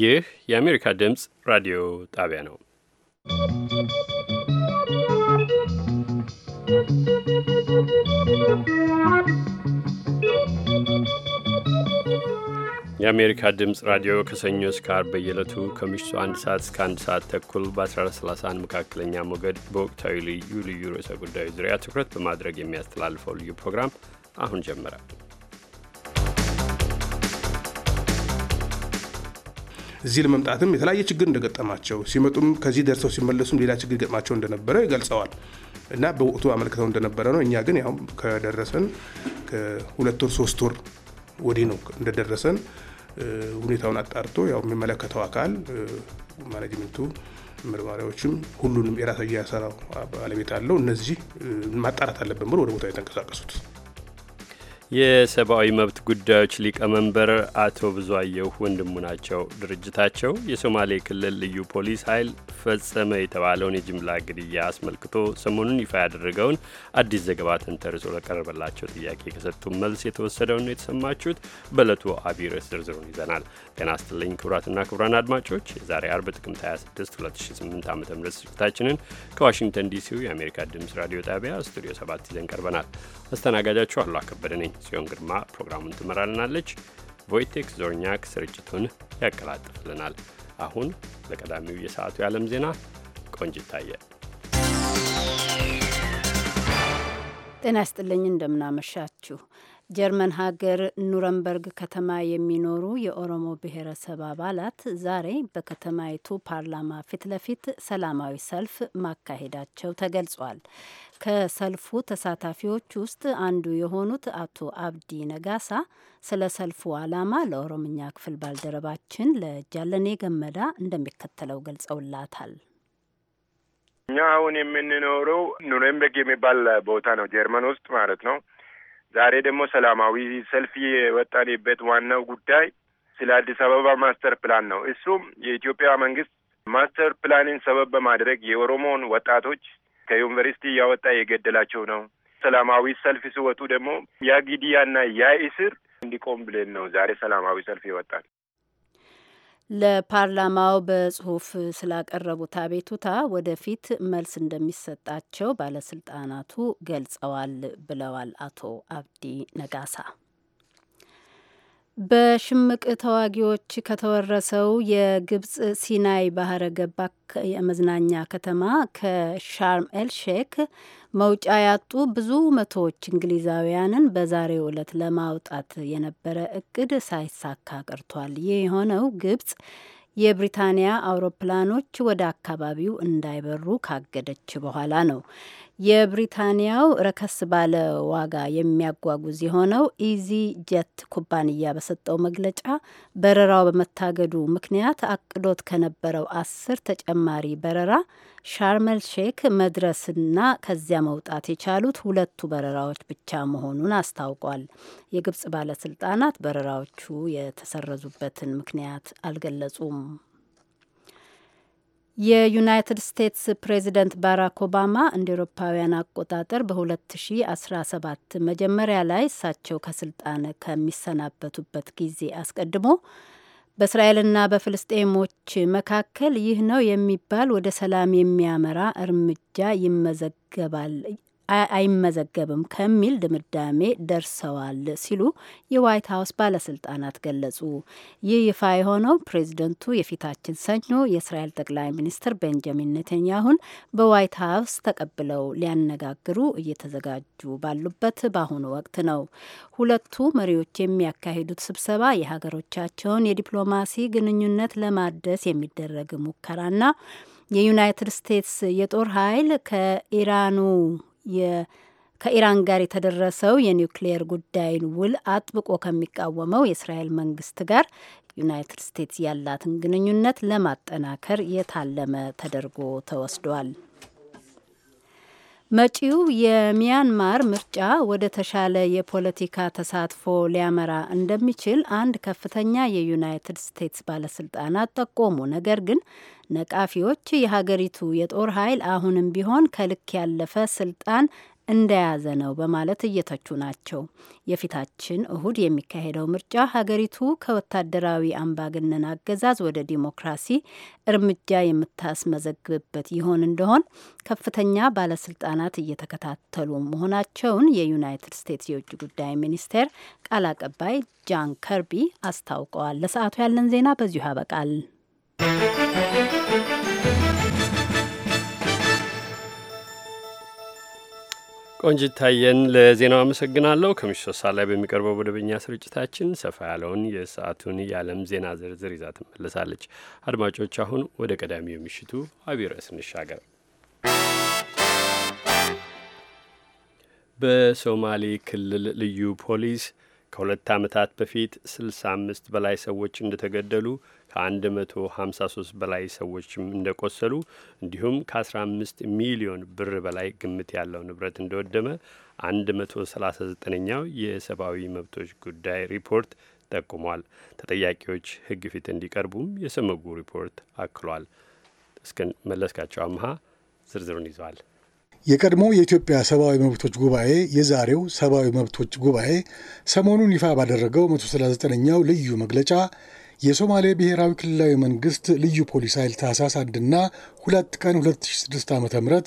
ይህ የአሜሪካ ድምፅ ራዲዮ ጣቢያ ነው። የአሜሪካ ድምፅ ራዲዮ ከሰኞ እስከ አርብ በየዕለቱ ከምሽቱ አንድ ሰዓት እስከ አንድ ሰዓት ተኩል በ1431 መካከለኛ ሞገድ በወቅታዊ ልዩ ልዩ ርዕሰ ጉዳዮች ዙሪያ ትኩረት በማድረግ የሚያስተላልፈው ልዩ ፕሮግራም አሁን ጀመረ። እዚህ ለመምጣትም የተለያየ ችግር እንደገጠማቸው ሲመጡም ከዚህ ደርሰው ሲመለሱም ሌላ ችግር ገጥማቸው እንደነበረ ይገልጸዋል እና በወቅቱ አመልክተው እንደነበረ ነው። እኛ ግን ያው ከደረሰን ከሁለት ወር ሶስት ወር ወዲህ ነው እንደደረሰን ሁኔታውን አጣርቶ ያው የሚመለከተው አካል ማኔጅመንቱ፣ ምርማሪዎችም ሁሉንም የራስ ሰራው ባለቤት አለው እነዚህ ማጣራት አለብን ብሎ ወደ ቦታ የተንቀሳቀሱት የሰብአዊ መብት ጉዳዮች ሊቀመንበር አቶ ብዙአየሁ ወንድሙ ናቸው። ድርጅታቸው የሶማሌ ክልል ልዩ ፖሊስ ኃይል ፈጸመ የተባለውን የጅምላ ግድያ አስመልክቶ ሰሞኑን ይፋ ያደረገውን አዲስ ዘገባ ተንተርሶ ለቀረበላቸው ጥያቄ ከሰጡ መልስ የተወሰደውን ነው የተሰማችሁት። በዕለቱ አብይ ርዕስ ዝርዝሩን ይዘናል። ጤና ይስጥልኝ ክቡራትና ክቡራን አድማጮች የዛሬ አርብ ጥቅምት 26 2008 ዓ ም ስርጭታችንን ከዋሽንግተን ዲሲው የአሜሪካ ድምፅ ራዲዮ ጣቢያ ስቱዲዮ 7 ይዘን ቀርበናል። አስተናጋጃችሁ አሉ አከበደ ነኝ። ጽዮን ግርማ ፕሮግራሙን ትመራልናለች። ቮይቴክ ዞርኛክ ስርጭቱን ያቀላጥፍልናል። አሁን ለቀዳሚው የሰዓቱ የዓለም ዜና ቆንጅ ይታያል። ጤና ይስጥልኝ እንደምናመሻችሁ። ጀርመን ሀገር ኑረንበርግ ከተማ የሚኖሩ የኦሮሞ ብሔረሰብ አባላት ዛሬ በከተማይቱ ፓርላማ ፊት ለፊት ሰላማዊ ሰልፍ ማካሄዳቸው ተገልጿል። ከሰልፉ ተሳታፊዎች ውስጥ አንዱ የሆኑት አቶ አብዲ ነጋሳ ስለ ሰልፉ ዓላማ ለኦሮምኛ ክፍል ባልደረባችን ለጃለኔ ገመዳ እንደሚከተለው ገልጸውላታል። እኛ አሁን የምንኖረው ኑሬምበርግ የሚባል ቦታ ነው፣ ጀርመን ውስጥ ማለት ነው። ዛሬ ደግሞ ሰላማዊ ሰልፍ የወጣንበት ዋናው ጉዳይ ስለ አዲስ አበባ ማስተር ፕላን ነው። እሱም የኢትዮጵያ መንግስት ማስተር ፕላንን ሰበብ በማድረግ የኦሮሞን ወጣቶች ከዩኒቨርሲቲ እያወጣ የገደላቸው ነው። ሰላማዊ ሰልፍ ሲወጡ ደግሞ ያ ግድያና ያ እስር እንዲቆም ብለን ነው ዛሬ ሰላማዊ ሰልፍ ይወጣል። ለፓርላማው በጽሁፍ ስላቀረቡት አቤቱታ ወደፊት መልስ እንደሚሰጣቸው ባለስልጣናቱ ገልጸዋል ብለዋል አቶ አብዲ ነጋሳ። በሽምቅ ተዋጊዎች ከተወረሰው የግብጽ ሲናይ ባህረ ገባ የመዝናኛ ከተማ ከሻርም ኤል ሼክ መውጫ ያጡ ብዙ መቶዎች እንግሊዛውያንን በዛሬው ዕለት ለማውጣት የነበረ እቅድ ሳይሳካ ቀርቷል። ይህ የሆነው ግብጽ የብሪታንያ አውሮፕላኖች ወደ አካባቢው እንዳይበሩ ካገደች በኋላ ነው። የብሪታንያው ረከስ ባለ ዋጋ የሚያጓጉዝ የሆነው ኢዚ ጀት ኩባንያ በሰጠው መግለጫ በረራው በመታገዱ ምክንያት አቅዶት ከነበረው አስር ተጨማሪ በረራ ሻርመል ሼክ መድረስና ከዚያ መውጣት የቻሉት ሁለቱ በረራዎች ብቻ መሆኑን አስታውቋል። የግብጽ ባለስልጣናት በረራዎቹ የተሰረዙበትን ምክንያት አልገለጹም። የዩናይትድ ስቴትስ ፕሬዚደንት ባራክ ኦባማ እንደ ኤሮፓውያን አቆጣጠር በ2017 መጀመሪያ ላይ እሳቸው ከስልጣን ከሚሰናበቱበት ጊዜ አስቀድሞ በእስራኤልና በፍልስጤሞች መካከል ይህ ነው የሚባል ወደ ሰላም የሚያመራ እርምጃ ይመዘገባል አይመዘገብም ከሚል ድምዳሜ ደርሰዋል ሲሉ የዋይት ሀውስ ባለስልጣናት ገለጹ። ይህ ይፋ የሆነው ፕሬዚደንቱ የፊታችን ሰኞ የእስራኤል ጠቅላይ ሚኒስትር ቤንጃሚን ኔተንያሁን በዋይት ሀውስ ተቀብለው ሊያነጋግሩ እየተዘጋጁ ባሉበት በአሁኑ ወቅት ነው። ሁለቱ መሪዎች የሚያካሂዱት ስብሰባ የሀገሮቻቸውን የዲፕሎማሲ ግንኙነት ለማደስ የሚደረግ ሙከራና የዩናይትድ ስቴትስ የጦር ኃይል ከኢራኑ ከኢራን ጋር የተደረሰው የኒውክሌየር ጉዳይን ውል አጥብቆ ከሚቃወመው የእስራኤል መንግስት ጋር ዩናይትድ ስቴትስ ያላትን ግንኙነት ለማጠናከር የታለመ ተደርጎ ተወስዷል። መጪው የሚያንማር ምርጫ ወደ ተሻለ የፖለቲካ ተሳትፎ ሊያመራ እንደሚችል አንድ ከፍተኛ የዩናይትድ ስቴትስ ባለስልጣናት ጠቆሙ። ነገር ግን ነቃፊዎች የሀገሪቱ የጦር ኃይል አሁንም ቢሆን ከልክ ያለፈ ስልጣን እንደያዘ ነው በማለት እየተቹ ናቸው። የፊታችን እሁድ የሚካሄደው ምርጫ ሀገሪቱ ከወታደራዊ አምባገነን አገዛዝ ወደ ዲሞክራሲ እርምጃ የምታስመዘግብበት ይሆን እንደሆን ከፍተኛ ባለስልጣናት እየተከታተሉ መሆናቸውን የዩናይትድ ስቴትስ የውጭ ጉዳይ ሚኒስቴር ቃል አቀባይ ጃን ከርቢ አስታውቀዋል። ለሰዓቱ ያለን ዜና በዚሁ ያበቃል። ቆንጅት ታየን ለዜናው አመሰግናለሁ። ከምሽቱ ሶስት ሰዓት ላይ በሚቀርበው መደበኛ ስርጭታችን ሰፋ ያለውን የሰዓቱን የዓለም ዜና ዝርዝር ይዛ ትመለሳለች። አድማጮች፣ አሁን ወደ ቀዳሚው የምሽቱ አብይ ርዕስ እንሻገር። በሶማሌ ክልል ልዩ ፖሊስ ከሁለት ዓመታት በፊት 65 በላይ ሰዎች እንደተገደሉ ከ153 በላይ ሰዎችም እንደቆሰሉ እንዲሁም ከ15 ሚሊዮን ብር በላይ ግምት ያለው ንብረት እንደወደመ 139ኛው የሰብአዊ መብቶች ጉዳይ ሪፖርት ጠቁሟል። ተጠያቂዎች ሕግ ፊት እንዲቀርቡም የሰመጉ ሪፖርት አክሏል። እስከ መለስካቸው አምሃ ዝርዝሩን ይዘዋል። የቀድሞ የኢትዮጵያ ሰብአዊ መብቶች ጉባኤ የዛሬው ሰብአዊ መብቶች ጉባኤ ሰሞኑን ይፋ ባደረገው 139ኛው ልዩ መግለጫ የሶማሌ ብሔራዊ ክልላዊ መንግስት ልዩ ፖሊስ ኃይል ታህሳስ አንድና ሁለት ቀን 2006 ዓ ም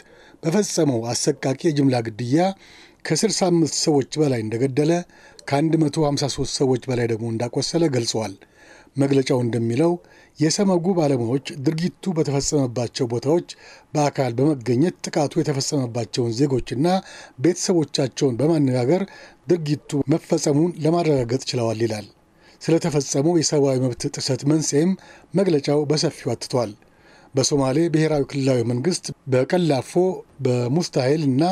በፈጸመው አሰቃቂ የጅምላ ግድያ ከ65 ሰዎች በላይ እንደገደለ ከ153 ሰዎች በላይ ደግሞ እንዳቆሰለ ገልጸዋል። መግለጫው እንደሚለው የሰመጉ ባለሙያዎች ድርጊቱ በተፈጸመባቸው ቦታዎች በአካል በመገኘት ጥቃቱ የተፈጸመባቸውን ዜጎችና ቤተሰቦቻቸውን በማነጋገር ድርጊቱ መፈጸሙን ለማረጋገጥ ችለዋል ይላል። ስለተፈጸመው የሰብአዊ መብት ጥሰት መንስኤም መግለጫው በሰፊው አትቷል። በሶማሌ ብሔራዊ ክልላዊ መንግስት በቀላፎ በሙስታሄል እና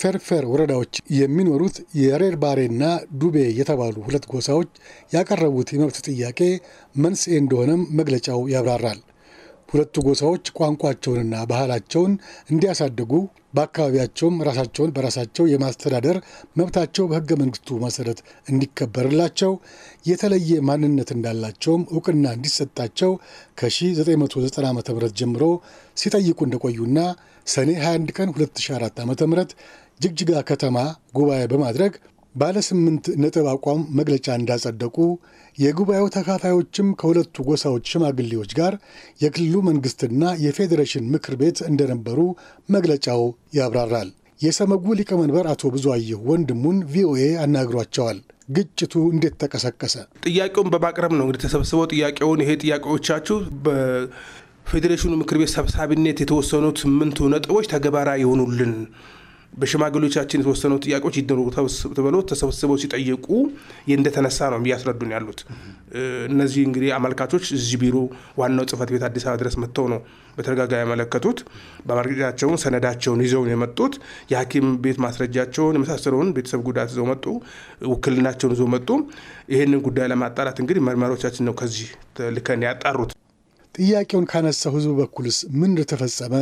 ፈርፈር ወረዳዎች የሚኖሩት የሬርባሬና ዱቤ የተባሉ ሁለት ጎሳዎች ያቀረቡት የመብት ጥያቄ መንስኤ እንደሆነም መግለጫው ያብራራል። ሁለቱ ጎሳዎች ቋንቋቸውንና ባህላቸውን እንዲያሳድጉ በአካባቢያቸውም ራሳቸውን በራሳቸው የማስተዳደር መብታቸው በሕገ መንግስቱ መሰረት እንዲከበርላቸው የተለየ ማንነት እንዳላቸውም እውቅና እንዲሰጣቸው ከ1990 ዓ ም ጀምሮ ሲጠይቁ እንደቆዩና ሰኔ 21 ቀን 2004 ዓ ም ጅግጅጋ ከተማ ጉባኤ በማድረግ ባለ ስምንት ነጥብ አቋም መግለጫ እንዳጸደቁ የጉባኤው ተካፋዮችም ከሁለቱ ጎሳዎች ሽማግሌዎች ጋር የክልሉ መንግስትና የፌዴሬሽን ምክር ቤት እንደነበሩ መግለጫው ያብራራል። የሰመጉ ሊቀመንበር አቶ ብዙአየሁ ወንድሙን ቪኦኤ አናግሯቸዋል። ግጭቱ እንዴት ተቀሰቀሰ? ጥያቄውን በማቅረብ ነው እንግዲህ ተሰብስበው ጥያቄውን ይሄ ጥያቄዎቻችሁ በፌዴሬሽኑ ምክር ቤት ሰብሳቢነት የተወሰኑት ስምንቱ ነጥቦች ተግባራዊ ይሆኑልን በሽማግሌዎቻችን የተወሰኑ ጥያቄዎች ይደረጉ ተብሎ ተሰብስበው ሲጠየቁ እንደተነሳ ነው እያስረዱን ያሉት። እነዚህ እንግዲህ አመልካቾች እዚህ ቢሮ ዋናው ጽህፈት ቤት አዲስ አበባ ድረስ መጥተው ነው በተደጋጋሚ ያመለከቱት። በማርጌጫቸውን ሰነዳቸውን ይዘው ነው የመጡት። የሐኪም ቤት ማስረጃቸውን የመሳሰለውን ቤተሰብ ጉዳት ይዘው መጡ። ውክልናቸውን ይዘው መጡ። ይህንን ጉዳይ ለማጣራት እንግዲህ መርማሪዎቻችን ነው ከዚህ ልከን ያጣሩት። ጥያቄውን ካነሳው ህዝብ በኩልስ ምን እንደተፈጸመ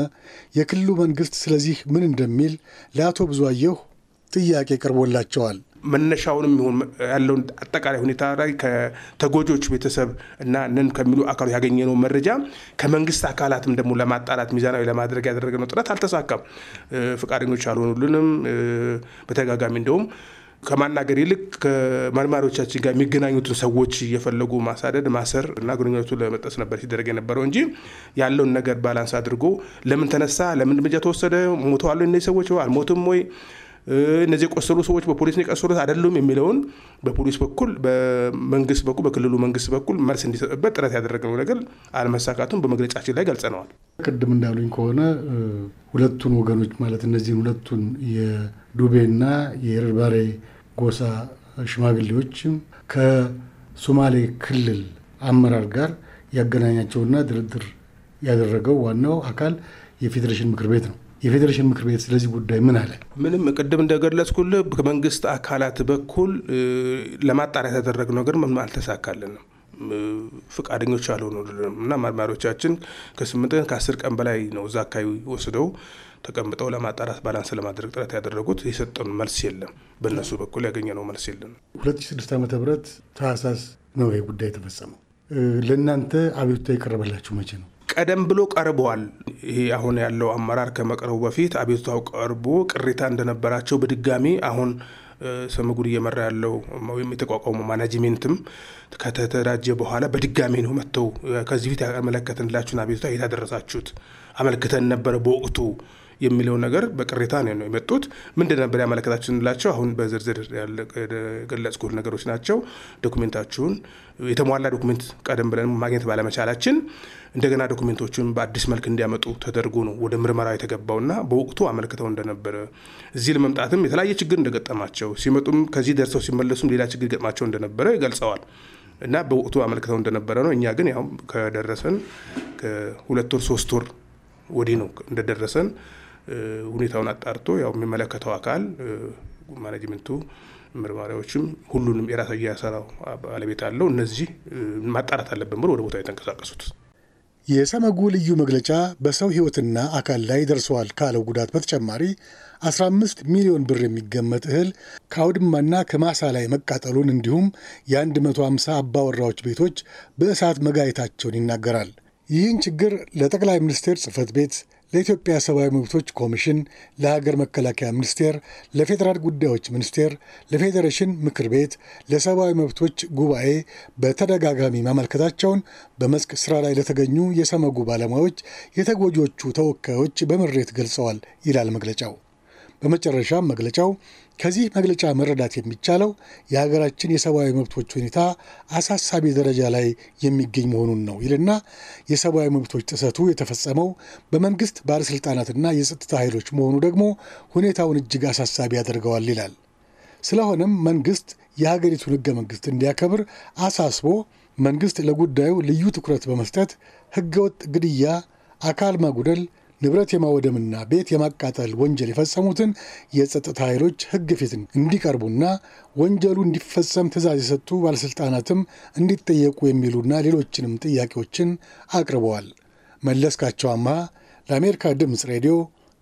የክልሉ መንግስት ስለዚህ ምን እንደሚል ለአቶ ብዙአየሁ ጥያቄ ቀርቦላቸዋል። መነሻውንም ይሁን ያለውን አጠቃላይ ሁኔታ ላይ ከተጎጆች ቤተሰብ እና ነን ከሚሉ አካሉ ያገኘነው መረጃ ከመንግስት አካላትም ደግሞ ለማጣራት ሚዛናዊ ለማድረግ ያደረገነው ጥረት አልተሳካም። ፈቃደኞች አልሆኑልንም። በተጋጋሚ እንደውም ከማናገር ይልቅ ከመርማሪዎቻችን ጋር የሚገናኙትን ሰዎች እየፈለጉ ማሳደድ፣ ማሰር እና ግንኙነቱ ለመጠስ ነበር ሲደረግ የነበረው እንጂ ያለውን ነገር ባላንስ አድርጎ ለምን ተነሳ፣ ለምን እርምጃ ተወሰደ፣ ሞተዋል እነዚህ ሰዎች አልሞትም ወይ እነዚህ የቆሰሉ ሰዎች በፖሊስ ነው የቀሰሉት አይደሉም የሚለውን በፖሊስ በኩል በመንግስት በኩል በክልሉ መንግስት በኩል መልስ እንዲሰጥበት ጥረት ያደረግነው ነገር አለመሳካቱን በመግለጫችን ላይ ገልጸነዋል። ቅድም እንዳሉኝ ከሆነ ሁለቱን ወገኖች ማለት እነዚህን ሁለቱን ዱቤና የርባሬ ጎሳ ሽማግሌዎችም ከሶማሌ ክልል አመራር ጋር ያገናኛቸውና ድርድር ያደረገው ዋናው አካል የፌዴሬሽን ምክር ቤት ነው። የፌዴሬሽን ምክር ቤት ስለዚህ ጉዳይ ምን አለ? ምንም ቅድም እንደገለጽኩል ከመንግስት አካላት በኩል ለማጣራት ያደረግነው ነገር ምንም አልተሳካልንም። ፈቃደኞች አልሆኑልንም እና መርማሪዎቻችን ከስምንት ቀን ከአስር ቀን በላይ ነው እዛ አካባቢ ወስደው ተቀምጠው ለማጣራት ባላንስ ለማድረግ ጥረት ያደረጉት የሰጠን መልስ የለም። በእነሱ በኩል ያገኘነው መልስ የለም። 2006 ዓ ም ታህሳስ ነው ይህ ጉዳይ የተፈጸመው። ለእናንተ አቤቱታ የቀረበላችሁ መቼ ነው? ቀደም ብሎ ቀርበዋል። ይሄ አሁን ያለው አመራር ከመቅረቡ በፊት አቤቱታው ቀርቦ ቅሬታ እንደነበራቸው በድጋሚ አሁን ሰመጉድ እየመራ ያለው ወይም የተቋቋሙ ማናጅሜንትም ከተደራጀ በኋላ በድጋሚ ነው መጥተው ከዚህ ፊት ያመለከትንላችሁን አቤቱታ የታደረሳችሁት አመልክተን ነበረ በወቅቱ የሚለው ነገር በቅሬታ ነው የመጡት። ምንድን ነበር ያመለከታችሁ ስንላቸው አሁን በዝርዝር ገለጽኩት ነገሮች ናቸው። ዶኩሜንታችሁን የተሟላ ዶኩሜንት ቀደም ብለን ማግኘት ባለመቻላችን እንደገና ዶኩሜንቶቹን በአዲስ መልክ እንዲያመጡ ተደርጎ ነው ወደ ምርመራ የተገባውና በወቅቱ አመልክተው እንደነበረ እዚህ ለመምጣትም የተለያየ ችግር እንደገጠማቸው ሲመጡም ከዚህ ደርሰው ሲመለሱም ሌላ ችግር ገጥማቸው እንደነበረ ገልጸዋል። እና በወቅቱ አመልክተው እንደነበረ ነው። እኛ ግን ያው ከደረሰን ከሁለት ወር ሶስት ወር ወዲህ ነው እንደደረሰን ሁኔታውን አጣርቶ ያው የሚመለከተው አካል ማኔጅመንቱ፣ ምርማሪዎችም ሁሉንም የራስ እያሰራው ባለቤት አለው። እነዚህ ማጣራት አለብን ብሎ ወደ ቦታ የተንቀሳቀሱት የሰመጉ ልዩ መግለጫ በሰው ሕይወትና አካል ላይ ደርሰዋል ካለው ጉዳት በተጨማሪ 15 ሚሊዮን ብር የሚገመት እህል ከአውድማና ከማሳ ላይ መቃጠሉን እንዲሁም የ150 አባወራዎች ቤቶች በእሳት መጋየታቸውን ይናገራል። ይህን ችግር ለጠቅላይ ሚኒስቴር ጽህፈት ቤት ለኢትዮጵያ ሰብአዊ መብቶች ኮሚሽን፣ ለሀገር መከላከያ ሚኒስቴር፣ ለፌዴራል ጉዳዮች ሚኒስቴር፣ ለፌዴሬሽን ምክር ቤት፣ ለሰብአዊ መብቶች ጉባኤ በተደጋጋሚ ማመልከታቸውን በመስክ ስራ ላይ ለተገኙ የሰመጉ ባለሙያዎች የተጎጂዎቹ ተወካዮች በምሬት ገልጸዋል ይላል መግለጫው። በመጨረሻም መግለጫው ከዚህ መግለጫ መረዳት የሚቻለው የሀገራችን የሰብአዊ መብቶች ሁኔታ አሳሳቢ ደረጃ ላይ የሚገኝ መሆኑን ነው ይልና የሰብአዊ መብቶች ጥሰቱ የተፈጸመው በመንግስት ባለሥልጣናትና የጸጥታ ኃይሎች መሆኑ ደግሞ ሁኔታውን እጅግ አሳሳቢ ያደርገዋል ይላል። ስለሆነም መንግስት የሀገሪቱን ህገ መንግስት እንዲያከብር አሳስቦ መንግስት ለጉዳዩ ልዩ ትኩረት በመስጠት ህገወጥ ግድያ፣ አካል መጉደል ንብረት የማወደምና ቤት የማቃጠል ወንጀል የፈጸሙትን የጸጥታ ኃይሎች ሕግ ፊት እንዲቀርቡና ወንጀሉ እንዲፈጸም ትዕዛዝ የሰጡ ባለሥልጣናትም እንዲጠየቁ የሚሉና ሌሎችንም ጥያቄዎችን አቅርበዋል። መለስካቸው አምሃ ለአሜሪካ ድምፅ ሬዲዮ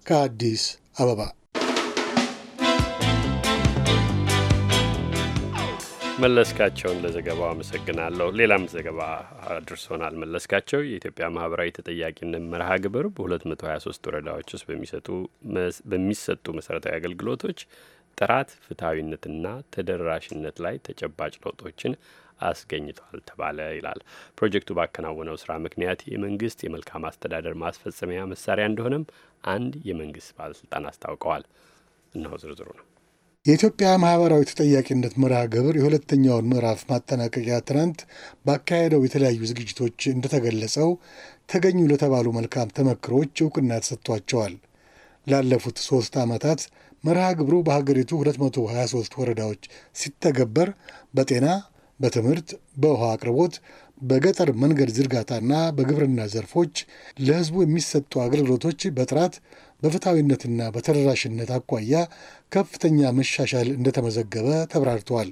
ከአዲስ አበባ መለስካቸውን ለዘገባው አመሰግናለሁ። ሌላም ዘገባ አድርሶናል መለስካቸው። የኢትዮጵያ ማህበራዊ ተጠያቂነት መርሃ ግብር በ223 ወረዳዎች ውስጥ በሚሰጡ መሰረታዊ አገልግሎቶች ጥራት፣ ፍትሐዊነትና ተደራሽነት ላይ ተጨባጭ ለውጦችን አስገኝቷል ተባለ ይላል። ፕሮጀክቱ ባከናወነው ስራ ምክንያት የመንግስት የመልካም አስተዳደር ማስፈጸሚያ መሳሪያ እንደሆነም አንድ የመንግስት ባለስልጣን አስታውቀዋል። እነሆ ዝርዝሩ ነው። የኢትዮጵያ ማህበራዊ ተጠያቂነት መርሃ ግብር የሁለተኛውን ምዕራፍ ማጠናቀቂያ ትናንት ባካሄደው የተለያዩ ዝግጅቶች እንደተገለጸው ተገኙ ለተባሉ መልካም ተመክሮች እውቅና ተሰጥቷቸዋል። ላለፉት ሦስት ዓመታት መርሃ ግብሩ በሀገሪቱ 223 ወረዳዎች ሲተገበር በጤና፣ በትምህርት፣ በውሃ አቅርቦት፣ በገጠር መንገድ ዝርጋታና በግብርና ዘርፎች ለህዝቡ የሚሰጡ አገልግሎቶች በጥራት በፍትሐዊነትና በተደራሽነት አኳያ ከፍተኛ መሻሻል እንደተመዘገበ ተብራርተዋል።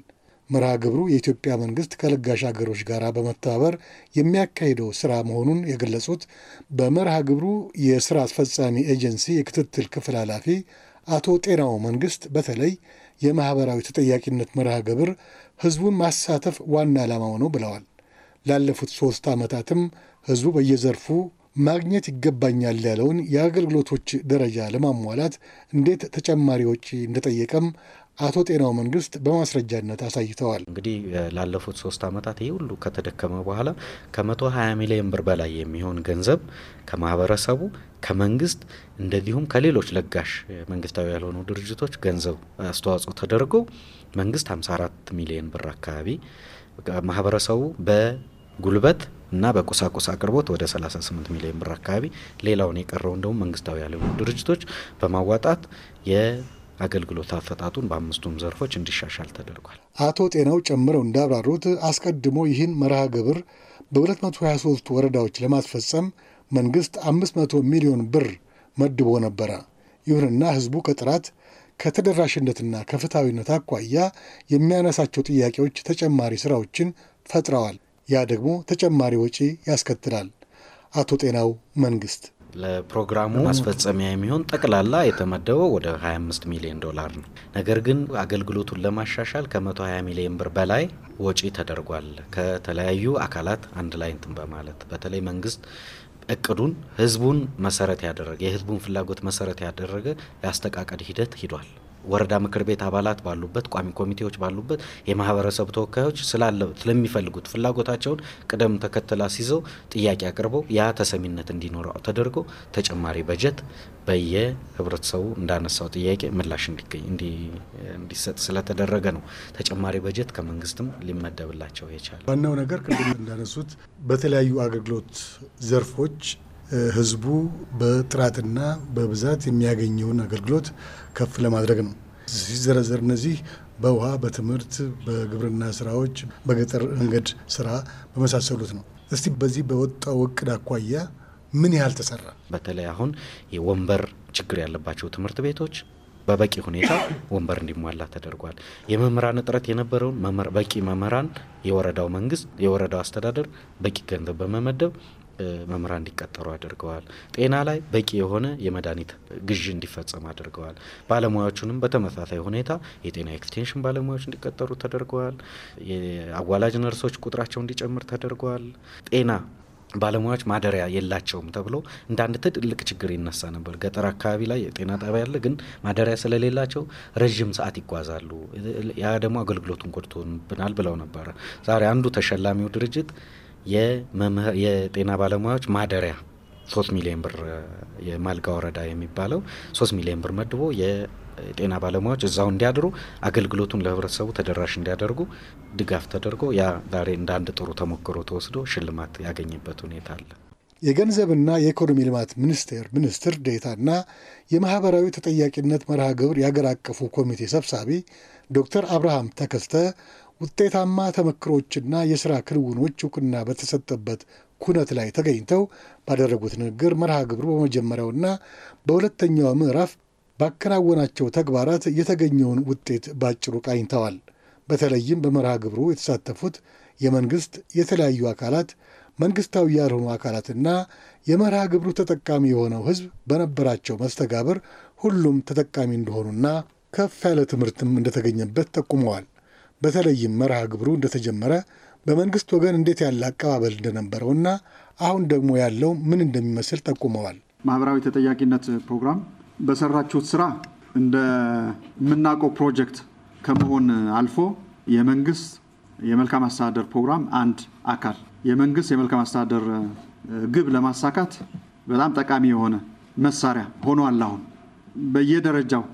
መርሃ ግብሩ የኢትዮጵያ መንግስት ከለጋሽ አገሮች ጋር በመተባበር የሚያካሂደው ስራ መሆኑን የገለጹት በመርሃ ግብሩ የስራ አስፈጻሚ ኤጀንሲ የክትትል ክፍል ኃላፊ አቶ ጤናው መንግስት በተለይ የማኅበራዊ ተጠያቂነት መርሃ ግብር ህዝቡን ማሳተፍ ዋና ዓላማው ነው ብለዋል። ላለፉት ሶስት ዓመታትም ህዝቡ በየዘርፉ ማግኘት ይገባኛል ያለውን የአገልግሎቶች ደረጃ ለማሟላት እንዴት ተጨማሪ ወጪ እንደጠየቀም አቶ ጤናው መንግስት በማስረጃነት አሳይተዋል። እንግዲህ ላለፉት ሶስት ዓመታት ይህ ሁሉ ከተደከመ በኋላ ከ120 ሚሊዮን ብር በላይ የሚሆን ገንዘብ ከማህበረሰቡ፣ ከመንግስት እንደዚሁም ከሌሎች ለጋሽ መንግስታዊ ያልሆኑ ድርጅቶች ገንዘብ አስተዋጽኦ ተደርጎ መንግስት 54 ሚሊዮን ብር አካባቢ ማህበረሰቡ በ ጉልበት እና በቁሳቁስ አቅርቦት ወደ 38 ሚሊዮን ብር አካባቢ፣ ሌላውን የቀረው እንደውም መንግስታዊ ያልሆኑ ድርጅቶች በማዋጣት የአገልግሎት አፈጣጡን በአምስቱም ዘርፎች እንዲሻሻል ተደርጓል። አቶ ጤናው ጨምረው እንዳብራሩት አስቀድሞ ይህን መርሃ ግብር በ223 ወረዳዎች ለማስፈጸም መንግስት 500 ሚሊዮን ብር መድቦ ነበረ። ይሁንና ህዝቡ ከጥራት ከተደራሽነትና ከፍትሐዊነት አኳያ የሚያነሳቸው ጥያቄዎች ተጨማሪ ስራዎችን ፈጥረዋል። ያ ደግሞ ተጨማሪ ወጪ ያስከትላል። አቶ ጤናው መንግስት ለፕሮግራሙ ማስፈጸሚያ የሚሆን ጠቅላላ የተመደበው ወደ 25 ሚሊዮን ዶላር ነው። ነገር ግን አገልግሎቱን ለማሻሻል ከ120 ሚሊዮን ብር በላይ ወጪ ተደርጓል። ከተለያዩ አካላት አንድ ላይ እንትን በማለት በተለይ መንግስት እቅዱን ህዝቡን መሰረት ያደረገ የህዝቡን ፍላጎት መሰረት ያደረገ የአስተቃቀድ ሂደት ሂዷል። ወረዳ ምክር ቤት አባላት ባሉበት፣ ቋሚ ኮሚቴዎች ባሉበት የማህበረሰብ ተወካዮች ስለሚፈልጉት ፍላጎታቸውን ቅደም ተከተል አስይዘው ጥያቄ አቅርበው ያ ተሰሚነት እንዲኖረው ተደርጎ ተጨማሪ በጀት በየህብረተሰቡ እንዳነሳው ጥያቄ ምላሽ እንዲገኝ እንዲሰጥ ስለተደረገ ነው ተጨማሪ በጀት ከመንግስትም ሊመደብላቸው የቻለ። ዋናው ነገር ቅድም እንዳነሱት በተለያዩ አገልግሎት ዘርፎች ህዝቡ በጥራትና በብዛት የሚያገኘውን አገልግሎት ከፍ ለማድረግ ነው። ሲዘረዘር እነዚህ በውሃ፣ በትምህርት፣ በግብርና ስራዎች፣ በገጠር መንገድ ስራ በመሳሰሉት ነው። እስቲ በዚህ በወጣው እቅድ አኳያ ምን ያህል ተሰራ? በተለይ አሁን የወንበር ችግር ያለባቸው ትምህርት ቤቶች በበቂ ሁኔታ ወንበር እንዲሟላ ተደርጓል። የመምህራን እጥረት የነበረውን በቂ መምህራን የወረዳው መንግስት የወረዳው አስተዳደር በቂ ገንዘብ በመመደብ መምህራን እንዲቀጠሩ አድርገዋል። ጤና ላይ በቂ የሆነ የመድኃኒት ግዥ እንዲፈጸም አድርገዋል። ባለሙያዎቹንም በተመሳሳይ ሁኔታ የጤና ኤክስቴንሽን ባለሙያዎች እንዲቀጠሩ ተደርገዋል። የአዋላጅ ነርሶች ቁጥራቸው እንዲጨምር ተደርገዋል። ጤና ባለሙያዎች ማደሪያ የላቸውም ተብሎ እንደ አንድ ትልቅ ችግር ይነሳ ነበር። ገጠር አካባቢ ላይ የጤና ጣቢያ ያለ ግን ማደሪያ ስለሌላቸው ረዥም ሰዓት ይጓዛሉ። ያ ደግሞ አገልግሎቱን ጎድቶብናል ብለው ነበረ። ዛሬ አንዱ ተሸላሚው ድርጅት የጤና ባለሙያዎች ማደሪያ ሶስት ሚሊዮን ብር የማልጋ ወረዳ የሚባለው ሶስት ሚሊዮን ብር መድቦ የጤና ባለሙያዎች እዛው እንዲያድሩ አገልግሎቱን ለህብረተሰቡ ተደራሽ እንዲያደርጉ ድጋፍ ተደርጎ ያ ዛሬ እንደ አንድ ጥሩ ተሞክሮ ተወስዶ ሽልማት ያገኘበት ሁኔታ አለ። የገንዘብና የኢኮኖሚ ልማት ሚኒስቴር ሚኒስትር ዴኤታና የማህበራዊ ተጠያቂነት መርሃ ግብር ያገር አቀፉ ኮሚቴ ሰብሳቢ ዶክተር አብርሃም ተከስተ ውጤታማ ተመክሮችና የሥራ ክንውኖች እውቅና በተሰጠበት ኩነት ላይ ተገኝተው ባደረጉት ንግግር መርሃ ግብሩ በመጀመሪያውና በሁለተኛው ምዕራፍ ባከናወናቸው ተግባራት የተገኘውን ውጤት ባጭሩ ቃኝተዋል። በተለይም በመርሃ ግብሩ የተሳተፉት የመንግሥት የተለያዩ አካላት፣ መንግሥታዊ ያልሆኑ አካላትና የመርሃ ግብሩ ተጠቃሚ የሆነው ሕዝብ በነበራቸው መስተጋብር ሁሉም ተጠቃሚ እንደሆኑና ከፍ ያለ ትምህርትም እንደተገኘበት ጠቁመዋል። በተለይም መርሃ ግብሩ እንደተጀመረ በመንግስት ወገን እንዴት ያለ አቀባበል እንደነበረውና አሁን ደግሞ ያለው ምን እንደሚመስል ጠቁመዋል። ማህበራዊ ተጠያቂነት ፕሮግራም በሰራችሁት ስራ እንደምናውቀው ፕሮጀክት ከመሆን አልፎ የመንግስት የመልካም አስተዳደር ፕሮግራም አንድ አካል የመንግስት የመልካም አስተዳደር ግብ ለማሳካት በጣም ጠቃሚ የሆነ መሳሪያ ሆኗል። አሁን በየደረጃው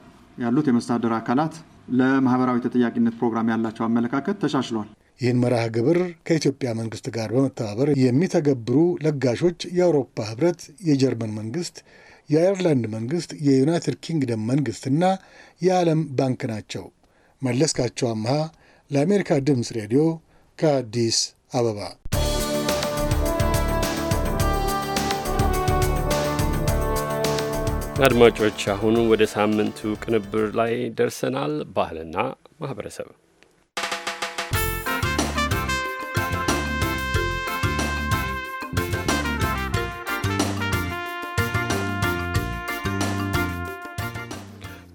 ያሉት የመስተዳደር አካላት ለማህበራዊ ተጠያቂነት ፕሮግራም ያላቸው አመለካከት ተሻሽሏል። ይህን መርሃ ግብር ከኢትዮጵያ መንግስት ጋር በመተባበር የሚተገብሩ ለጋሾች የአውሮፓ ህብረት፣ የጀርመን መንግስት፣ የአይርላንድ መንግስት፣ የዩናይትድ ኪንግደም መንግስትና የዓለም ባንክ ናቸው። መለስካቸው አምሃ ለአሜሪካ ድምፅ ሬዲዮ ከአዲስ አበባ አድማጮች አሁኑ ወደ ሳምንቱ ቅንብር ላይ ደርሰናል። ባህልና ማህበረሰብ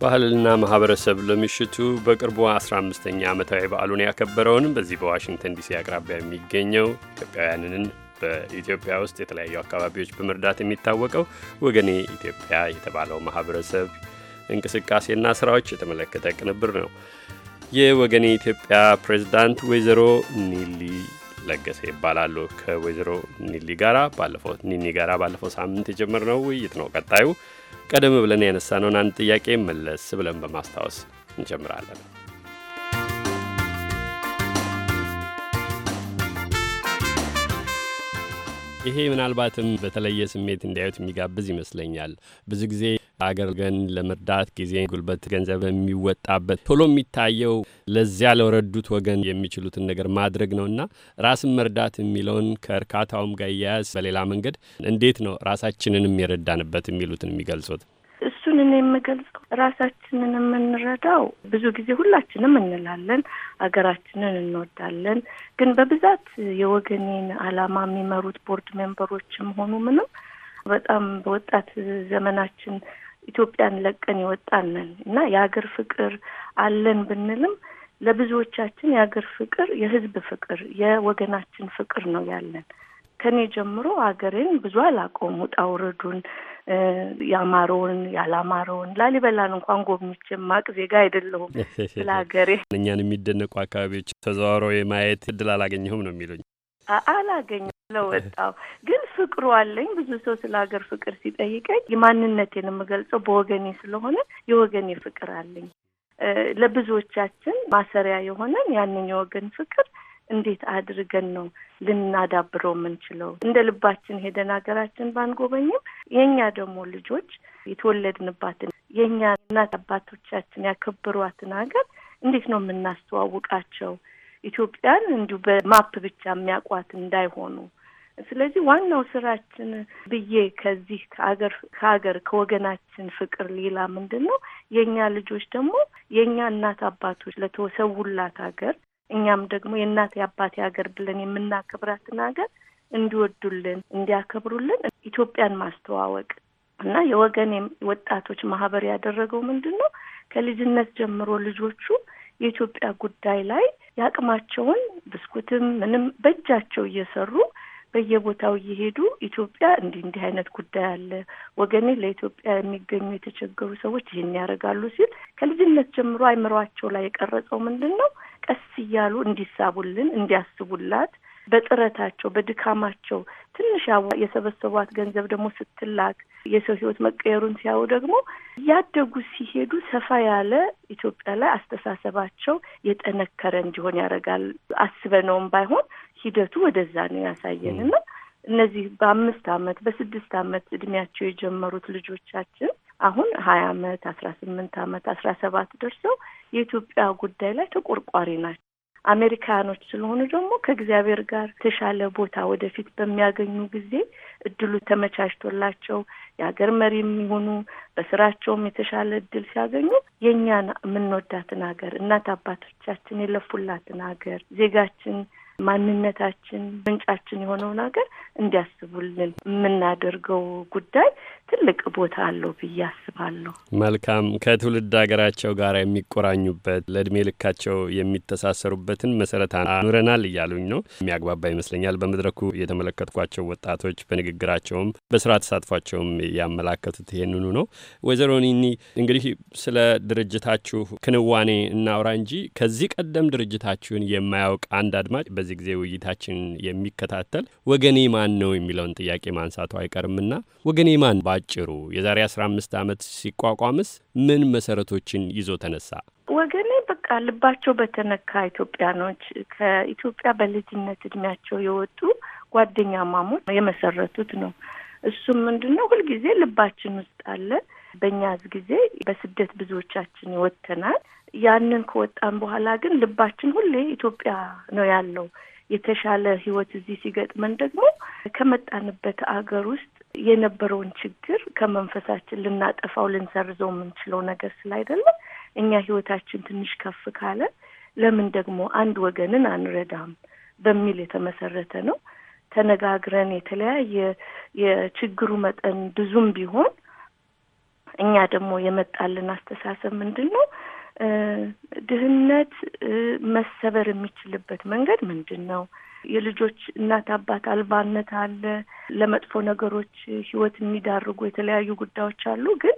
ባህልና ማህበረሰብ ለምሽቱ በቅርቡ 15ኛ ዓመታዊ በዓሉን ያከበረውን በዚህ በዋሽንግተን ዲሲ አቅራቢያ የሚገኘው ኢትዮጵያውያንን በኢትዮጵያ ውስጥ የተለያዩ አካባቢዎች በመርዳት የሚታወቀው ወገኔ ኢትዮጵያ የተባለው ማህበረሰብ እንቅስቃሴና ስራዎች የተመለከተ ቅንብር ነው። የወገኔ ኢትዮጵያ ፕሬዝዳንት ወይዘሮ ኒሊ ለገሰ ይባላሉ። ከወይዘሮ ኒሊ ጋራ ባለፈው ኒኒ ጋራ ባለፈው ሳምንት የጀመርነው ውይይት ነው። ቀጣዩ ቀደም ብለን ያነሳነውን አንድ ጥያቄ መለስ ብለን በማስታወስ እንጀምራለን። ይሄ ምናልባትም በተለየ ስሜት እንዲያዩት የሚጋብዝ ይመስለኛል። ብዙ ጊዜ አገር ገን ለመርዳት ጊዜ፣ ጉልበት፣ ገንዘብ የሚወጣበት ቶሎ የሚታየው ለዚያ ለረዱት ወገን የሚችሉትን ነገር ማድረግ ነውና ራስን መርዳት የሚለውን ከእርካታውም ጋር እያያዝ በሌላ መንገድ እንዴት ነው ራሳችንንም የረዳንበት የሚሉትን የሚገልጹት? ይህንን የምገልጸው ራሳችንን የምንረዳው ብዙ ጊዜ ሁላችንም እንላለን፣ ሀገራችንን እንወዳለን። ግን በብዛት የወገኔን አላማ የሚመሩት ቦርድ ሜምበሮችም ሆኑ ምንም በጣም በወጣት ዘመናችን ኢትዮጵያን ለቀን ይወጣነን እና የሀገር ፍቅር አለን ብንልም ለብዙዎቻችን የሀገር ፍቅር፣ የህዝብ ፍቅር፣ የወገናችን ፍቅር ነው ያለን ከኔ ጀምሮ ሀገሬን ብዙ አላቆሙ ጣውረዱን ያማረውን ያላማረውን ላሊበላን እንኳን ጎብኝቼ ማቅ ዜጋ አይደለሁም። ለሀገሬ ሀገሬ እኛን የሚደነቁ አካባቢዎች ተዘዋውሮ የማየት እድል አላገኘሁም ነው የሚሉኝ። አላገኘ ለወጣው ግን ፍቅሩ አለኝ። ብዙ ሰው ስለ ሀገር ፍቅር ሲጠይቀኝ ማንነቴን የምገልጸው በወገኔ ስለሆነ የወገኔ ፍቅር አለኝ። ለብዙዎቻችን ማሰሪያ የሆነን ያንን የወገን ፍቅር እንዴት አድርገን ነው ልናዳብረው የምንችለው? እንደ ልባችን ሄደን ሀገራችን ባንጎበኝም የእኛ ደግሞ ልጆች የተወለድንባትን የእኛ እናት አባቶቻችን ያከብሯትን ሀገር እንዴት ነው የምናስተዋውቃቸው? ኢትዮጵያን እንዲሁ በማፕ ብቻ የሚያውቋት እንዳይሆኑ። ስለዚህ ዋናው ስራችን ብዬ ከዚህ ከአገር ከሀገር ከወገናችን ፍቅር ሌላ ምንድን ነው? የእኛ ልጆች ደግሞ የእኛ እናት አባቶች ለተሰውላት ሀገር እኛም ደግሞ የእናት የአባቴ ሀገር ብለን የምናከብራትን ሀገር እንዲወዱልን እንዲያከብሩልን ኢትዮጵያን ማስተዋወቅ እና የወገን ወጣቶች ማህበር ያደረገው ምንድን ነው? ከልጅነት ጀምሮ ልጆቹ የኢትዮጵያ ጉዳይ ላይ የአቅማቸውን ብስኩትም ምንም በእጃቸው እየሰሩ በየቦታው እየሄዱ ኢትዮጵያ እንዲህ እንዲህ አይነት ጉዳይ አለ፣ ወገኔ ለኢትዮጵያ የሚገኙ የተቸገሩ ሰዎች ይህን ያደርጋሉ ሲል ከልጅነት ጀምሮ አይምሯቸው ላይ የቀረጸው ምንድን ነው? ቀስ እያሉ እንዲሳቡልን እንዲያስቡላት በጥረታቸው በድካማቸው ትንሽ የሰበሰቧት ገንዘብ ደግሞ ስትላክ የሰው ህይወት መቀየሩን ሲያዩ ደግሞ እያደጉ ሲሄዱ ሰፋ ያለ ኢትዮጵያ ላይ አስተሳሰባቸው የጠነከረ እንዲሆን ያደርጋል። አስበነውም ባይሆን ሂደቱ ወደዛ ነው ያሳየን እና እነዚህ በአምስት አመት በስድስት አመት እድሜያቸው የጀመሩት ልጆቻችን አሁን ሀያ አመት አስራ ስምንት አመት አስራ ሰባት ደርሰው የኢትዮጵያ ጉዳይ ላይ ተቆርቋሪ ናቸው። አሜሪካኖች ስለሆኑ ደግሞ ከእግዚአብሔር ጋር የተሻለ ቦታ ወደፊት በሚያገኙ ጊዜ እድሉ ተመቻችቶላቸው የሀገር መሪ የሚሆኑ በስራቸውም የተሻለ እድል ሲያገኙ የእኛን የምንወዳትን ሀገር እናት አባቶቻችን የለፉላትን ሀገር ዜጋችን ማንነታችን ምንጫችን የሆነውን ሀገር እንዲያስቡልን የምናደርገው ጉዳይ ትልቅ ቦታ አለው ብዬ አስባለሁ። መልካም ከትውልድ ሀገራቸው ጋር የሚቆራኙበት ለእድሜ ልካቸው የሚተሳሰሩበትን መሰረት አኑረናል እያሉኝ ነው። የሚያግባባ ይመስለኛል። በመድረኩ የተመለከትኳቸው ወጣቶች በንግግራቸውም በስራ ተሳትፏቸውም ያመላከቱት ይሄንኑ ነው። ወይዘሮ ኒኒ እንግዲህ ስለ ድርጅታችሁ ክንዋኔ እናውራ እንጂ ከዚህ ቀደም ድርጅታችሁን የማያውቅ አንድ አድማጭ በዚህ ጊዜ ውይይታችን የሚከታተል ወገኔ ማን ነው የሚለውን ጥያቄ ማንሳቱ አይቀርምና ወገኔ ማን ባጭሩ የዛሬ አስራ አምስት ዓመት ሲቋቋምስ ምን መሰረቶችን ይዞ ተነሳ? ወገኔ በቃ ልባቸው በተነካ ኢትዮጵያኖች ከኢትዮጵያ በልጅነት እድሜያቸው የወጡ ጓደኛ ማሞች የመሰረቱት ነው። እሱም ምንድን ነው ሁልጊዜ ልባችን ውስጥ አለ። በእኛ ጊዜ በስደት ብዙዎቻችን ይወተናል። ያንን ከወጣን በኋላ ግን ልባችን ሁሌ ኢትዮጵያ ነው ያለው። የተሻለ ህይወት እዚህ ሲገጥመን ደግሞ ከመጣንበት አገር ውስጥ የነበረውን ችግር ከመንፈሳችን ልናጠፋው ልንሰርዘው የምንችለው ነገር ስላይደለ እኛ ህይወታችን ትንሽ ከፍ ካለ ለምን ደግሞ አንድ ወገንን አንረዳም በሚል የተመሰረተ ነው። ተነጋግረን የተለያየ የችግሩ መጠን ብዙም ቢሆን እኛ ደግሞ የመጣልን አስተሳሰብ ምንድን ነው? ድህነት መሰበር የሚችልበት መንገድ ምንድን ነው? የልጆች እናት አባት አልባነት አለ። ለመጥፎ ነገሮች ህይወት የሚዳርጉ የተለያዩ ጉዳዮች አሉ። ግን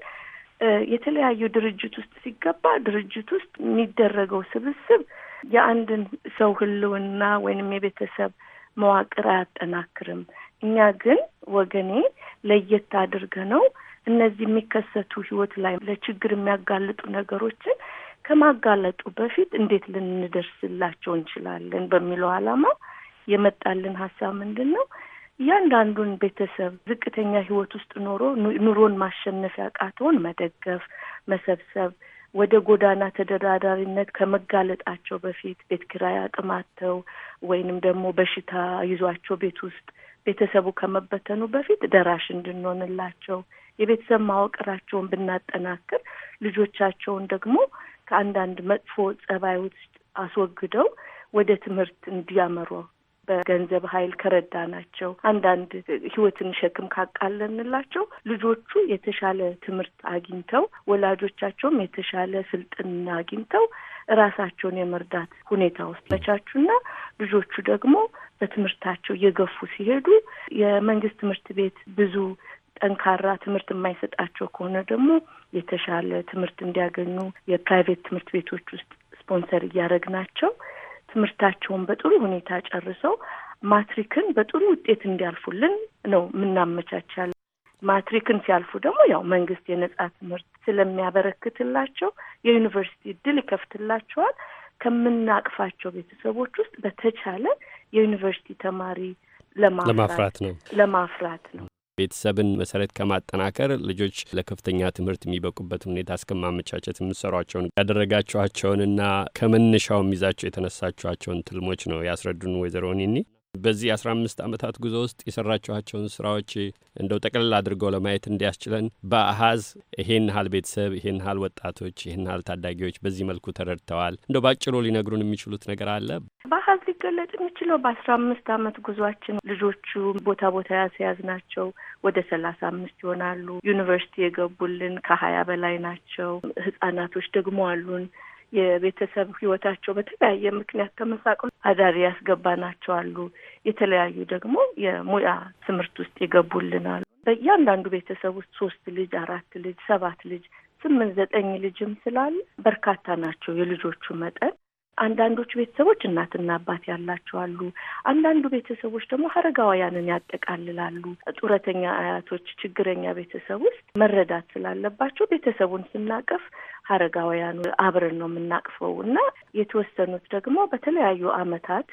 የተለያዩ ድርጅት ውስጥ ሲገባ ድርጅት ውስጥ የሚደረገው ስብስብ የአንድን ሰው ህልውና ወይንም የቤተሰብ መዋቅር አያጠናክርም። እኛ ግን ወገኔ ለየት አድርገ ነው እነዚህ የሚከሰቱ ህይወት ላይ ለችግር የሚያጋልጡ ነገሮችን ከማጋለጡ በፊት እንዴት ልንደርስላቸው እንችላለን በሚለው ዓላማ የመጣልን ሀሳብ ምንድን ነው? እያንዳንዱን ቤተሰብ ዝቅተኛ ህይወት ውስጥ ኖሮ ኑሮን ማሸነፍ ያቃተውን መደገፍ፣ መሰብሰብ ወደ ጎዳና ተደራዳሪነት ከመጋለጣቸው በፊት ቤት ኪራይ አቅማተው ወይንም ደግሞ በሽታ ይዟቸው ቤት ውስጥ ቤተሰቡ ከመበተኑ በፊት ደራሽ እንድንሆንላቸው የቤተሰብ ማወቅራቸውን ብናጠናክር ልጆቻቸውን ደግሞ ከአንዳንድ መጥፎ ጸባይ ውስጥ አስወግደው ወደ ትምህርት እንዲያመሩ በገንዘብ ኃይል ናቸው አንዳንድ ህይወትን ሸክም ካቃለንላቸው ልጆቹ የተሻለ ትምህርት አግኝተው ወላጆቻቸውም የተሻለ ስልጥና አግኝተው ራሳቸውን የመርዳት ሁኔታ ውስጥ መቻቹና ልጆቹ ደግሞ በትምህርታቸው እየገፉ ሲሄዱ የመንግስት ትምህርት ቤት ብዙ ጠንካራ ትምህርት የማይሰጣቸው ከሆነ ደግሞ የተሻለ ትምህርት እንዲያገኙ የፕራይቬት ትምህርት ቤቶች ውስጥ ስፖንሰር እያደረግናቸው ትምህርታቸውን በጥሩ ሁኔታ ጨርሰው ማትሪክን በጥሩ ውጤት እንዲያልፉልን ነው የምናመቻቻለን። ማትሪክን ሲያልፉ ደግሞ ያው መንግስት የነጻ ትምህርት ስለሚያበረክትላቸው የዩኒቨርሲቲ እድል ይከፍትላቸዋል። ከምናቅፋቸው ቤተሰቦች ውስጥ በተቻለ የዩኒቨርሲቲ ተማሪ ለማፍራት ነው ለማፍራት ነው። ቤተሰብን መሰረት ከማጠናከር ልጆች ለከፍተኛ ትምህርት የሚበቁበትን ሁኔታ እስከማመቻቸት የምትሰሯቸውን ያደረጋችኋቸውንና ከመነሻው ይዛቸው የተነሳችኋቸውን ትልሞች ነው ያስረዱን ወይዘሮ ኒኒ። በዚህ አስራ አምስት ዓመታት ጉዞ ውስጥ የሰራችኋቸውን ስራዎች እንደው ጠቅልል አድርገው ለማየት እንዲያስችለን በአሀዝ ይሄን ያህል ቤተሰብ፣ ይሄን ያህል ወጣቶች፣ ይሄን ያህል ታዳጊዎች በዚህ መልኩ ተረድተዋል እንደው ባጭሩ ሊነግሩን የሚችሉት ነገር አለ? በአሀዝ ሊገለጥ የሚችለው በአስራ አምስት ዓመት ጉዟችን ልጆቹ ቦታ ቦታ ናቸው ወደ ሰላሳ አምስት ይሆናሉ። ዩኒቨርሲቲ የገቡልን ከሀያ በላይ ናቸው። ህጻናቶች ደግሞ አሉን። የቤተሰብ ህይወታቸው በተለያየ ምክንያት ተመሳቅሎ አዳሪ ያስገባናቸው አሉ። የተለያዩ ደግሞ የሙያ ትምህርት ውስጥ ይገቡልናሉ። በእያንዳንዱ ቤተሰብ ውስጥ ሶስት ልጅ፣ አራት ልጅ፣ ሰባት ልጅ ስምንት ዘጠኝ ልጅም ስላለ በርካታ ናቸው የልጆቹ መጠን። አንዳንዶቹ ቤተሰቦች እናትና አባት ያላቸው አሉ። አንዳንዱ ቤተሰቦች ደግሞ አረጋውያንን ያጠቃልላሉ። ጡረተኛ አያቶች ችግረኛ ቤተሰብ ውስጥ መረዳት ስላለባቸው ቤተሰቡን ስናቀፍ አረጋውያኑ አብረን ነው የምናቅፈው እና የተወሰኑት ደግሞ በተለያዩ አመታት።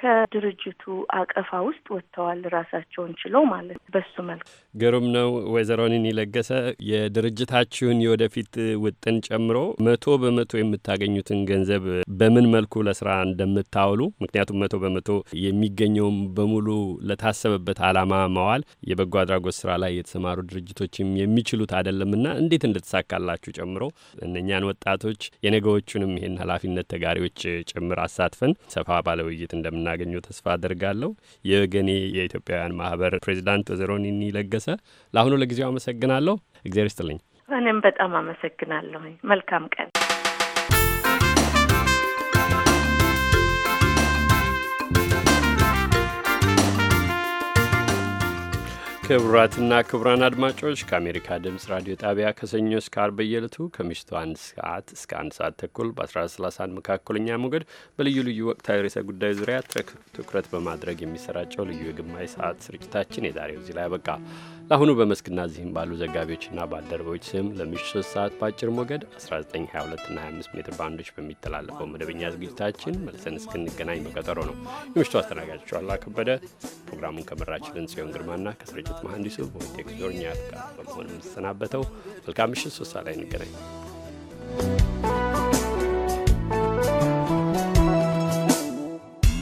ከድርጅቱ አቀፋ ውስጥ ወጥተዋል ራሳቸውን ችለው ማለት በሱ መልክ ግሩም ነው። ወይዘሮ የለገሰ የድርጅታችሁን የወደፊት ውጥን ጨምሮ መቶ በመቶ የምታገኙትን ገንዘብ በምን መልኩ ለስራ እንደምታውሉ ምክንያቱም መቶ በመቶ የሚገኘውም በሙሉ ለታሰበበት አላማ መዋል የበጎ አድራጎት ስራ ላይ የተሰማሩ ድርጅቶችም የሚችሉት አይደለምና እንዴት እንደተሳካላችሁ ጨምሮ እነኛን ወጣቶች የነገዎቹንም ይህን ኃላፊነት ተጋሪዎች ጭምር አሳትፈን ሰፋ ባለ ውይይት እንደምና እንደምናገኘው ተስፋ አደርጋለሁ። የገኔ የኢትዮጵያውያን ማህበር ፕሬዚዳንት ወይዘሮ ኒኒ ለገሰ፣ ለአሁኑ ለጊዜው አመሰግናለሁ። እግዚአብሔር ይስጥልኝ። እኔም በጣም አመሰግናለሁኝ። መልካም ቀን ክቡራትና ክቡራን አድማጮች ከአሜሪካ ድምፅ ራዲዮ ጣቢያ ከሰኞ እስከ አርብ በየዕለቱ ከምሽቱ አንድ ሰዓት እስከ አንድ ሰዓት ተኩል በ 1131 መካከለኛ ሞገድ በልዩ ልዩ ወቅታዊ ርዕሰ ጉዳይ ዙሪያ ትኩረት በማድረግ የሚሰራጨው ልዩ የግማሽ ሰዓት ስርጭታችን የዛሬው እዚህ ላይ አበቃ። ለአሁኑ በመስክና እዚህም ባሉ ዘጋቢዎችና ባልደረቦች ስም ለምሽቱ 3 ሰዓት በአጭር ሞገድ 1922 ና 25 ሜትር ባንዶች በሚተላለፈው መደበኛ ዝግጅታችን መልሰን እስክንገናኝ መቀጠሮ ነው። የምሽቱ አስተናጋጃችሁ አላ ከበደ፣ ፕሮግራሙን ከመራችልን ጽዮን ግርማና ከስርጭት መሐንዲሱ ቮይቴክ ዞርኛት ጋር በመሆን የምሰናበተው መልካም ምሽት። ሶስት ሰዓት ላይ እንገናኝ።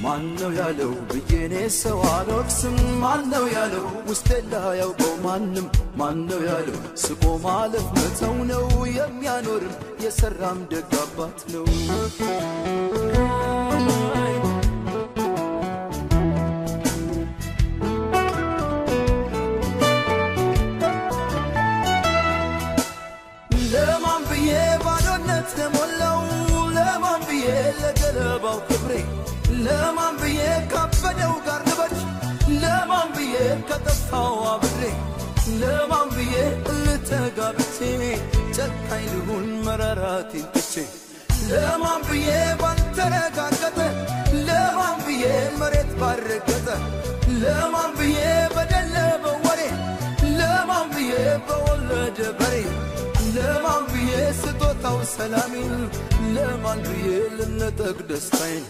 ማነው ያለው ብዬኔ ሰው አልወቅስም። ማነው ያለው ውስጤ ያውቀው ማንም። ማነው ያለው ስቆ ማለፍ መተው ነው። የሚያኖርም የሰራም ደግ አባት ነው። ብዬ ካበደው ጋር ልበች ለማን ብዬ ከጠፋው አብሬ ለማን ብዬ ልተጋ ብቼ ጨካኝ ልሁን መራራቴን ትቼ ለማን ብዬ ባልተረጋገጠ ለማን ብዬ መሬት ባረገጠ ለማን ብዬ በደለበ ወሬ ለማን ብዬ በወለደ በሬ ለማን ብዬ ስጦታው ሰላሜን ለማን ብዬ ልነጠቅ ደስታዬን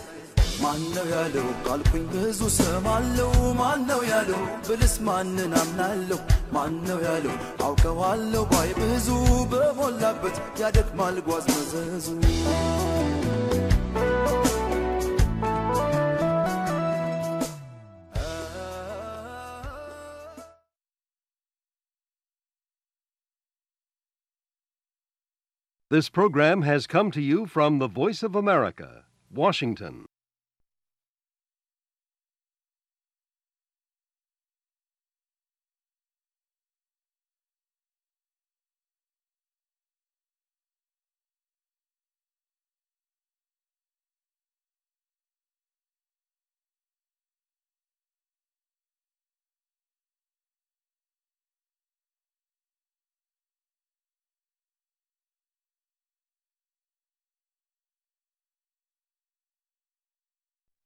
ማነው ያለው ቃልኩኝ ብዙ ሰማለው ማነው ያለው ብልስ ማንን አምናለሁ ማነው ያለው አውቀዋለሁ ባይ ብዙ በሞላበት ያደክማል ጓዝ መዘዙ This program has come to you from the Voice of America, Washington.